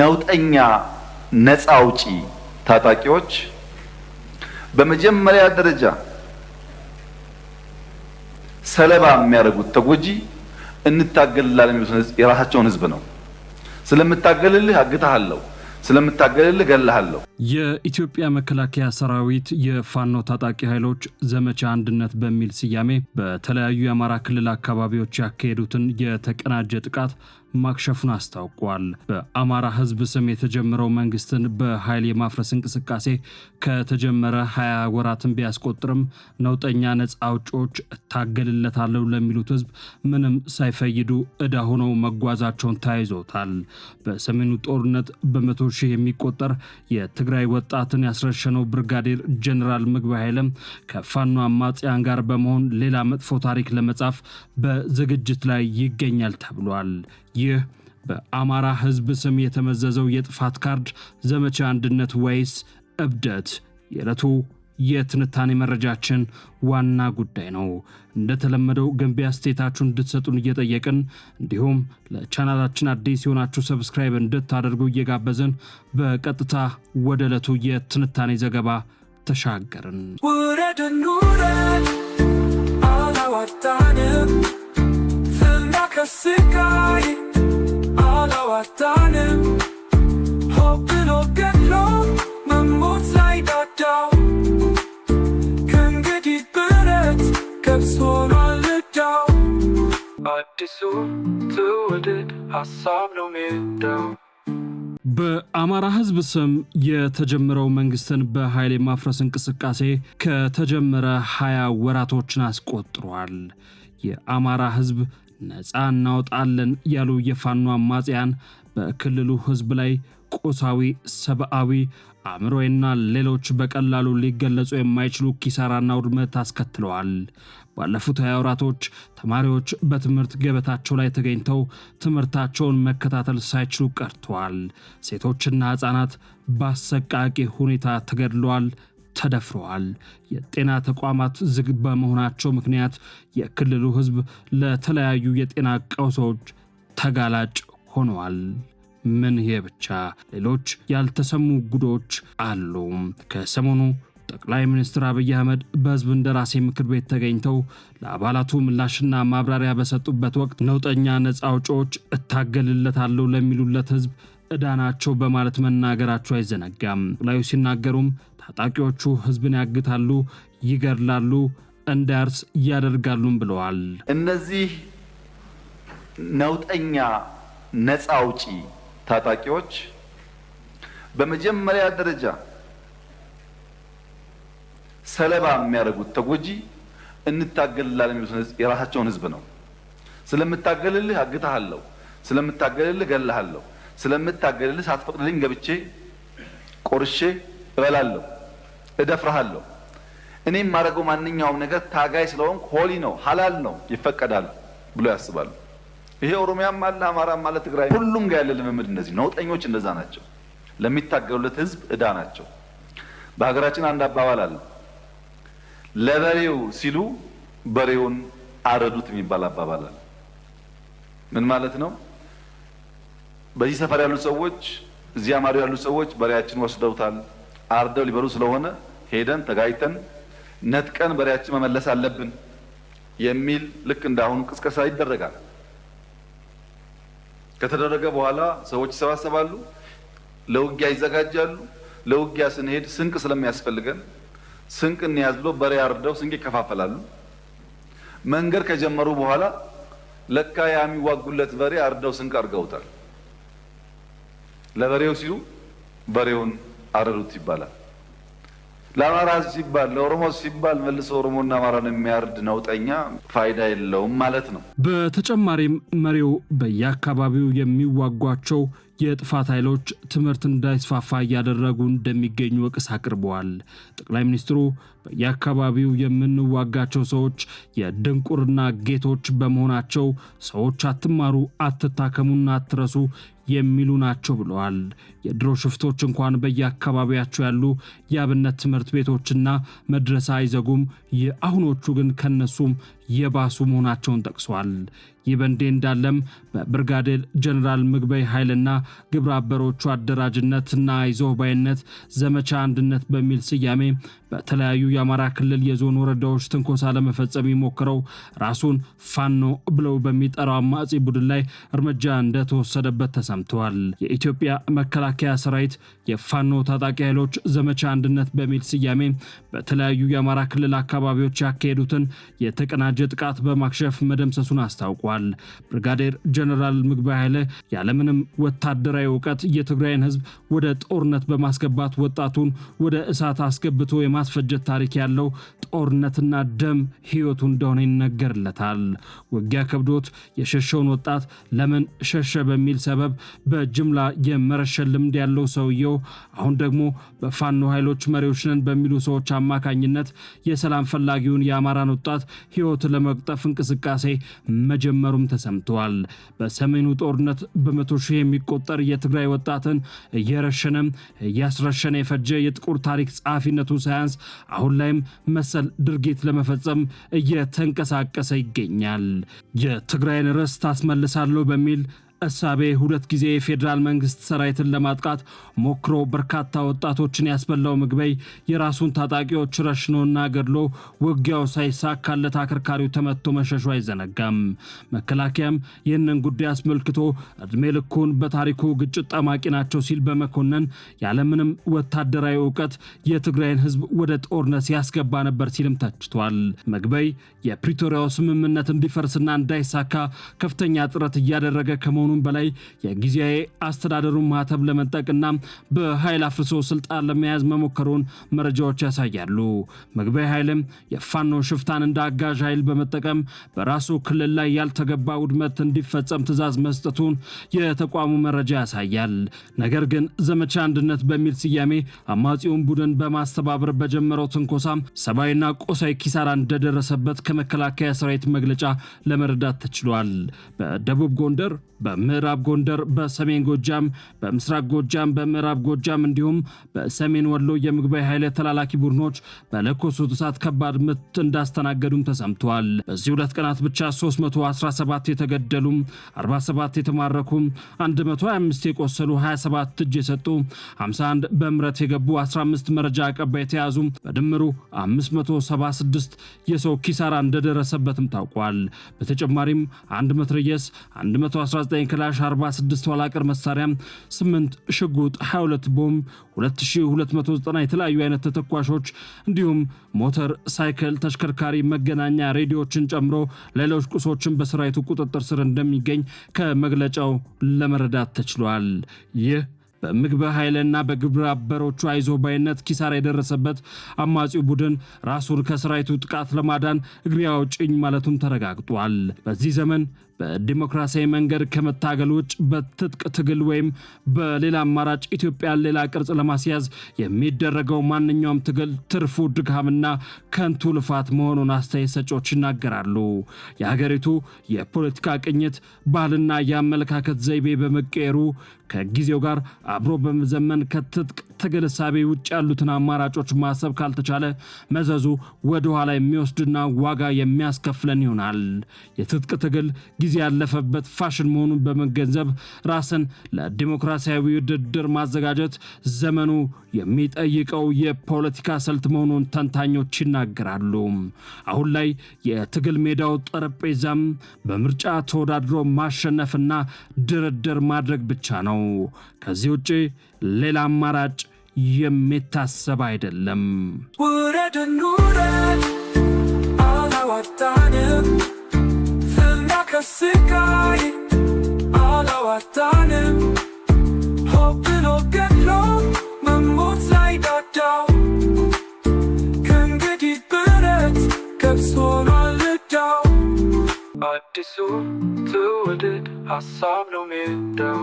ነውጠኛ ነጻ አውጪ ታጣቂዎች በመጀመሪያ ደረጃ ሰለባ የሚያደርጉት ተጎጂ እንታገልላለን የሚሉት የራሳቸውን ህዝብ ነው። ስለምታገልልህ አግታሃለሁ ስለምታገልልህ ገላሃለሁ። የኢትዮጵያ መከላከያ ሰራዊት የፋኖ ታጣቂ ኃይሎች ዘመቻ አንድነት በሚል ስያሜ በተለያዩ የአማራ ክልል አካባቢዎች ያካሄዱትን የተቀናጀ ጥቃት ማክሸፉን አስታውቋል። በአማራ ህዝብ ስም የተጀመረው መንግስትን በኃይል የማፍረስ እንቅስቃሴ ከተጀመረ ሀያ ወራትን ቢያስቆጥርም ነውጠኛ ነፃ አውጪዎች እታገልለታለሁ ለሚሉት ህዝብ ምንም ሳይፈይዱ እዳ ሆነው መጓዛቸውን ተያይዞታል። በሰሜኑ ጦርነት በመቶ ሺህ የሚቆጠር የትግራይ ወጣትን ያስረሸነው ብርጋዴር ጀኔራል ምግብ ኃይለም ከፋኖ አማጽያን ጋር በመሆን ሌላ መጥፎ ታሪክ ለመጻፍ በዝግጅት ላይ ይገኛል ተብሏል። ይህ በአማራ ሕዝብ ስም የተመዘዘው የጥፋት ካርድ ዘመቻ አንድነት ወይስ እብደት? የዕለቱ የትንታኔ መረጃችን ዋና ጉዳይ ነው። እንደተለመደው ገንቢ አስተያየታችሁን እንድትሰጡን እየጠየቅን እንዲሁም ለቻናላችን አዲስ የሆናችሁ ሰብስክራይብ እንድታደርጉ እየጋበዝን በቀጥታ ወደ ዕለቱ የትንታኔ ዘገባ ተሻገርን። ውረድ አላዋጣንም ከስቃይ አላዋጣንም ሆብሎ ገድሎ በአማራ ሕዝብ ስም የተጀመረው መንግስትን በኃይል የማፍረስ እንቅስቃሴ ከተጀመረ 20 ወራቶችን አስቆጥሯል። የአማራ ሕዝብ ነፃ እናወጣለን ያሉ የፋኖ አማጽያን በክልሉ ህዝብ ላይ ቁሳዊ፣ ሰብአዊ፣ አእምሮዊና ሌሎች በቀላሉ ሊገለጹ የማይችሉ ኪሳራና ውድመት አስከትለዋል። ባለፉት ሀያ ወራቶች ተማሪዎች በትምህርት ገበታቸው ላይ ተገኝተው ትምህርታቸውን መከታተል ሳይችሉ ቀርተዋል። ሴቶችና ሕፃናት በአሰቃቂ ሁኔታ ተገድለዋል፣ ተደፍረዋል። የጤና ተቋማት ዝግ በመሆናቸው ምክንያት የክልሉ ሕዝብ ለተለያዩ የጤና ቀውሶች ተጋላጭ ሆነዋል። ምን ይሄ ብቻ፣ ሌሎች ያልተሰሙ ጉዶች አሉ። ከሰሞኑ ጠቅላይ ሚኒስትር አብይ አህመድ በህዝብ እንደራሴ ምክር ቤት ተገኝተው ለአባላቱ ምላሽና ማብራሪያ በሰጡበት ወቅት ነውጠኛ ነፃ አውጪዎች እታገልለታለሁ ለሚሉለት ህዝብ እዳናቸው በማለት መናገራቸው አይዘነጋም። ጠቅላዩ ሲናገሩም ታጣቂዎቹ ህዝብን ያግታሉ፣ ይገድላሉ፣ እንዳያርስ ያደርጋሉም ብለዋል። እነዚህ ነውጠኛ ነፃ አውጪ ታጣቂዎች በመጀመሪያ ደረጃ ሰለባ የሚያደርጉት ተጎጂ እንታገልላለን የሚሉት የራሳቸውን ህዝብ ነው። ስለምታገልልህ አግታሃለሁ፣ ስለምታገልልህ ገላሃለሁ፣ ስለምታገልልህ ሳትፈቅድልኝ ገብቼ ቆርሼ እበላለሁ፣ እደፍርሃለሁ። እኔም ማድረገው ማንኛውም ነገር ታጋይ ስለሆንኩ ሆሊ ነው፣ ሀላል ነው፣ ይፈቀዳል ብሎ ያስባሉ። ይሄ ኦሮሚያም አለ፣ አማራም አለ፣ ትግራይ ሁሉም ጋር ያለ ልምምድ እንደዚህ ነውጠኞች እንደዛ ናቸው። ለሚታገሉለት ህዝብ እዳ ናቸው። በሀገራችን አንድ አባባል አለ። ለበሬው ሲሉ በሬውን አረዱት የሚባል አባባል አለ። ምን ማለት ነው? በዚህ ሰፈር ያሉ ሰዎች፣ እዚህ አማሪ ያሉ ሰዎች በሬያችን ወስደውታል አርደው ሊበሉ ስለሆነ ሄደን ተጋይተን ነጥቀን በሬያችን መመለስ አለብን የሚል ልክ እንዳሁኑ ቅስቀሳ ይደረጋል። ከተደረገ በኋላ ሰዎች ይሰባሰባሉ፣ ለውጊያ ይዘጋጃሉ። ለውጊያ ስንሄድ ስንቅ ስለሚያስፈልገን ስንቅ እንያዝ ብሎ በሬ አርደው ስንቅ ይከፋፈላሉ። መንገድ ከጀመሩ በኋላ ለካ ያ የሚዋጉለት በሬ አርደው ስንቅ አድርገውታል። ለበሬው ሲሉ በሬውን አረዱት ይባላል። ለአማራ ሲባል ለኦሮሞ ሲባል መልሶ ኦሮሞና አማራን የሚያርድ ነውጠኛ ፋይዳ የለውም ማለት ነው። በተጨማሪም መሪው በየአካባቢው የሚዋጓቸው የጥፋት ኃይሎች ትምህርት እንዳይስፋፋ እያደረጉ እንደሚገኙ ወቀሳ አቅርበዋል። ጠቅላይ ሚኒስትሩ በየአካባቢው የምንዋጋቸው ሰዎች የድንቁርና ጌቶች በመሆናቸው ሰዎች አትማሩ፣ አትታከሙና አትረሱ የሚሉ ናቸው ብለዋል። የድሮ ሽፍቶች እንኳን በየአካባቢያቸው ያሉ የአብነት ትምህርት ቤቶችና መድረሳ አይዘጉም። የአሁኖቹ ግን ከነሱም የባሱ መሆናቸውን ጠቅሰዋል። ይህ በእንዲህ እንዳለም በብርጋዴር ጀኔራል ምግበይ ኃይልና ግብረ አበሮቹ አደራጅነትና አይዞህ ባይነት ዘመቻ አንድነት በሚል ስያሜ በተለያዩ የአማራ ክልል የዞን ወረዳዎች ትንኮሳ ለመፈጸም የሞክረው ራሱን ፋኖ ብለው በሚጠራው አማጺ ቡድን ላይ እርምጃ እንደተወሰደበት ተሰምተዋል። የኢትዮጵያ መከላከያ ሰራዊት የፋኖ ታጣቂ ኃይሎች ዘመቻ አንድነት በሚል ስያሜ በተለያዩ የአማራ ክልል አካባቢዎች ያካሄዱትን የተቀናጀ ጥቃት በማክሸፍ መደምሰሱን አስታውቋል። ብርጋዴር ጀነራል ምግባይ ኃይለ ያለምንም ወታደራዊ እውቀት የትግራይን ህዝብ ወደ ጦርነት በማስገባት ወጣቱን ወደ እሳት አስገብቶ የማስፈጀት ታሪክ ያለው ጦርነትና ደም ህይወቱ እንደሆነ ይነገርለታል። ውጊያ ከብዶት የሸሸውን ወጣት ለምን ሸሸ በሚል ሰበብ በጅምላ የመረሸን ልምድ ያለው ሰውየው አሁን ደግሞ በፋኖ ኃይሎች መሪዎች ነን በሚሉ ሰዎች አማካኝነት የሰላም ፈላጊውን የአማራን ወጣት ህይወት ለመቅጠፍ እንቅስቃሴ መጀመሩም ተሰምተዋል። በሰሜኑ ጦርነት በመቶ ሺህ የሚቆጠር የትግራይ ወጣትን እየረሸነም እያስረሸነ የፈጀ የጥቁር ታሪክ ጸሐፊነቱ ሳያንስ አሁን ላይም መሰል መሰል ድርጊት ለመፈጸም እየተንቀሳቀሰ ይገኛል። የትግራይን ርስት አስመልሳለሁ በሚል እሳቤ ሁለት ጊዜ የፌዴራል መንግስት ሰራዊትን ለማጥቃት ሞክሮ በርካታ ወጣቶችን ያስበላው ምግበይ የራሱን ታጣቂዎች ረሽኖና ገድሎ ውጊያው ሳይሳካለት አከርካሪው ተመቶ መሸሹ አይዘነጋም። መከላከያም ይህንን ጉዳይ አስመልክቶ እድሜ ልኩን በታሪኩ ግጭት ጠማቂ ናቸው ሲል በመኮነን ያለምንም ወታደራዊ እውቀት የትግራይን ህዝብ ወደ ጦርነት ሲያስገባ ነበር ሲልም ተችቷል። ምግበይ የፕሪቶሪያው ስምምነት እንዲፈርስና እንዳይሳካ ከፍተኛ ጥረት እያደረገ ከመሆኑ ከመሆኑም በላይ የጊዜያዊ አስተዳደሩን ለመጠቅ ለመንጠቅና በኃይል አፍርሶ ስልጣን ለመያዝ መሞከሩን መረጃዎች ያሳያሉ። ምግበይ ኃይልም የፋኖ ሽፍታን እንደ አጋዥ ኃይል በመጠቀም በራሱ ክልል ላይ ያልተገባ ውድመት እንዲፈጸም ትዕዛዝ መስጠቱን የተቋሙ መረጃ ያሳያል። ነገር ግን ዘመቻ አንድነት በሚል ስያሜ አማጺውን ቡድን በማስተባበር በጀመረው ትንኮሳ ሰብአዊና ቆሳዊ ኪሳራ እንደደረሰበት ከመከላከያ ሰራዊት መግለጫ ለመረዳት ተችሏል። በደቡብ ጎንደር በምዕራብ ጎንደር፣ በሰሜን ጎጃም፣ በምስራቅ ጎጃም፣ በምዕራብ ጎጃም እንዲሁም በሰሜን ወሎ የምግባይ ኃይል ተላላኪ ቡድኖች በለኮሱት እሳት ከባድ ምት እንዳስተናገዱም ተሰምተዋል። በዚህ ሁለት ቀናት ብቻ 317 የተገደሉም፣ 47 የተማረኩም፣ 125 የቆሰሉ፣ 27 እጅ የሰጡ፣ 51 በምረት የገቡ፣ 15 መረጃ አቀባይ የተያዙ በድምሩ 576 የሰው ኪሳራ እንደደረሰበትም ታውቋል። በተጨማሪም 1 መትረየስ 119 ክላሽ 46 ኋላ ቀር መሳሪያ 8 ሽጉጥ 22 ቦምብ 2290 የተለያዩ አይነት ተተኳሾች እንዲሁም ሞተር፣ ሳይክል፣ ተሽከርካሪ፣ መገናኛ ሬዲዮችን ጨምሮ ሌሎች ቁሶችን በሰራዊቱ ቁጥጥር ስር እንደሚገኝ ከመግለጫው ለመረዳት ተችሏል። ይህ በምግብ ኃይልና በግብረ አበሮቹ ባይነት ኪሳራ የደረሰበት አማጺው ቡድን ራሱን ከሰራዊቱ ጥቃት ለማዳን እግሬ አውጭኝ ማለቱም ተረጋግጧል። በዚህ ዘመን በዲሞክራሲያዊ መንገድ ከመታገል ውጭ በትጥቅ ትግል ወይም በሌላ አማራጭ ኢትዮጵያን ሌላ ቅርጽ ለማስያዝ የሚደረገው ማንኛውም ትግል ትርፉ ድካምና ከንቱ ልፋት መሆኑን አስተያየት ሰጪዎች ይናገራሉ። የሀገሪቱ የፖለቲካ ቅኝት ባህልና የአመለካከት ዘይቤ በመቀየሩ ከጊዜው ጋር አብሮ በመዘመን ከትጥቅ ከግሳቤ ውጭ ያሉትን አማራጮች ማሰብ ካልተቻለ መዘዙ ወደ ኋላ የሚወስድና ዋጋ የሚያስከፍለን ይሆናል። የትጥቅ ትግል ጊዜ ያለፈበት ፋሽን መሆኑን በመገንዘብ ራስን ለዲሞክራሲያዊ ውድድር ማዘጋጀት ዘመኑ የሚጠይቀው የፖለቲካ ስልት መሆኑን ተንታኞች ይናገራሉ። አሁን ላይ የትግል ሜዳው ጠረጴዛም በምርጫ ተወዳድሮ ማሸነፍና ድርድር ማድረግ ብቻ ነው። ከዚህ ውጭ ሌላ አማራጭ የሚታሰብ አይደለም። ውረድ እንውረድ አላዋጣንም፣ ፍና ከስቃይ አላዋጣንም። ሆብሎ ገድሎ መሞት ላይ ከእንግዲህ ብረት ገብስ ሆኗል አዲሱ ትውልድ ሀሳብ ነው ሜዳው